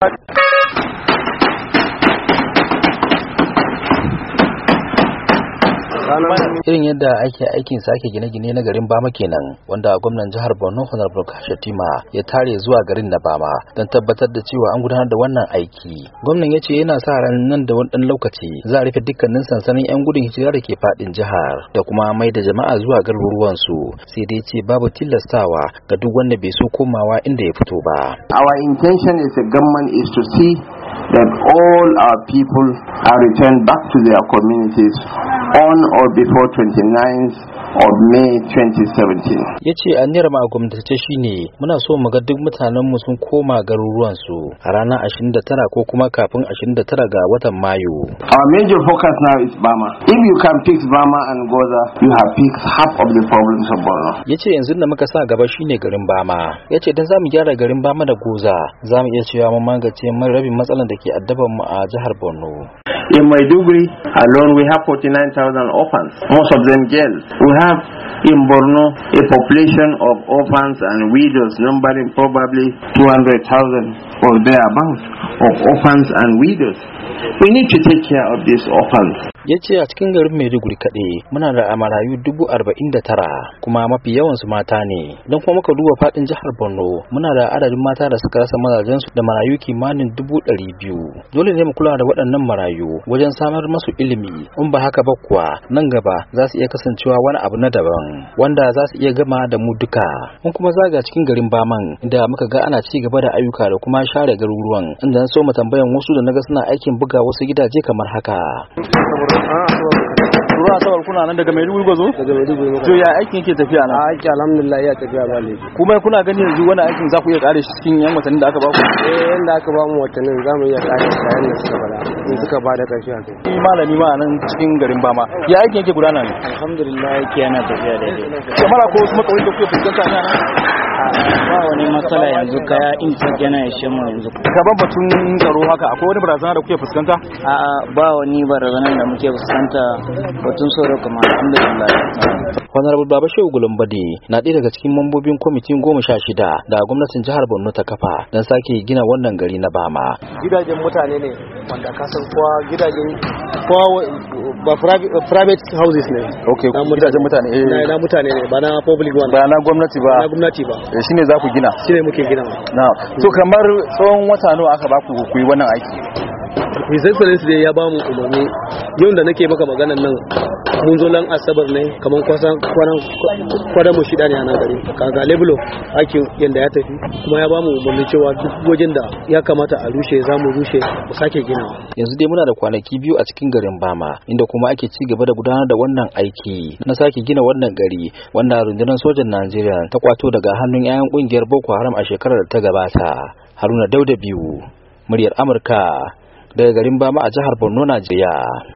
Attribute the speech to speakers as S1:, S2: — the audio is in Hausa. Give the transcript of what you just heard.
S1: God irin yadda ake aikin sake gine-gine na garin bama kenan wanda gwamnan jihar borno honorable shatima ya tare zuwa garin na bama don tabbatar da cewa an gudanar da wannan aiki gwamnan ya ce yana sa ran nan da wani lokaci za a rufe dukkanin sansanin yan gudun hijira da ke fadin jihar da kuma mai da jama'a zuwa garuruwan su sai dai ce babu
S2: tilastawa ga duk wanda bai so komawa inda ya fito ba our intention is the government is to see that all our people are returned back to their communities on or before 29th of May 2017.
S1: Ya ce an nira gwamnatace shi ne muna so mu ga duk mutanenmu sun koma garuruwansu a ranar 29 ko kuma kafin 29 ga watan Mayu.
S2: Our major focus now is Bama. If you can fix Bama and Goza, you have fixed half of the problems of Borno. Ya ce yanzu da
S1: muka sa gaba ne garin Bama. Ya ce don za mu gyara garin Bama da Goza, za mu iya cewa mun magance
S2: mun rabin matsalar da ke addaban mu a jihar Borno. In Maiduguri alone, we have 49,000 orphans, most of them girls. We have in Borno a population of orphans and widows numbering probably 200,000 or thereabouts of orphans and widows. We need to take care of these orphans. ya ce a
S1: cikin garin maiduguri kaɗai muna da marayu dubu arba'in da tara kuma mafi yawan su mata ne don kuma muka duba faɗin jihar borno muna da adadin mata da suka rasa mazajen su da marayu kimanin dubu ɗari biyu dole ne mu kula da waɗannan marayu wajen samar masu ilimi in ba haka ba kuwa nan gaba za su iya kasancewa wani abu na daban wanda za su iya gama da mu duka mun kuma zaga cikin garin baman inda muka ga ana ci gaba da ayyuka da kuma share garuruwan inda na so mu tambayan wasu da naga suna aikin buga wasu gidaje kamar haka
S3: ruwa asabar kuna nan daga maiduguri gwazo daga maiduguri muka to ya aikin yake tafiya nan aiki alhamdulillah ya tafiya ba laifi kuma kuna gani yanzu wani aikin za ku iya kare shi cikin yan watannin da aka ba ku eh yanda aka ba mu watannin za mu iya kare shi yayin da suka bada in suka bada kashi a kai malami ma nan cikin garin bama ya aikin yake gudana ne alhamdulillah yake yana tafiya daidai kamar ko wasu matsalolin da kuke fuskanta ne a nan matsala yanzu kaya in yana ya yanzu gaban batun tsaro haka akwai wani barazana da kuke fuskanta a ba wani barazana da muke fuskanta
S1: batun tsaro kamar alhamdulillah honorable baba shehu gulumbade na ɗaya daga cikin mambobin kwamitin goma sha shida da gwamnatin jihar borno ta kafa don sake gina wannan gari na bama
S3: gidajen mutane ne wanda ka san kowa gidaje kowa ba private houses ne okay na gidajen mutane eh na mutane ne ba na public one ba na gwamnati ba na gwamnati ba eh shine za ku gina shine muke gina na so kamar tsawon wata nawa aka ba ku yi wannan aiki his excellency dai ya ba mu umarni yau da nake maka maganan nan mun zo nan asabar ne kamar kwasan kwanan mu shida ne a ka kaga leblo aikin yadda ya tafi kuma ya bamu mun cewa duk wajen da ya kamata a
S1: rushe za mu rushe mu sake ginawa yanzu dai muna da kwanaki biyu a cikin garin bama inda kuma ake ci gaba da gudanar da wannan aiki na sake gina wannan gari wanda rundunar sojan najeriya ta kwato daga hannun 'ya'yan kungiyar boko haram a shekarar da ta gabata haruna dauda biyu muryar amurka daga garin bama a jihar borno najeriya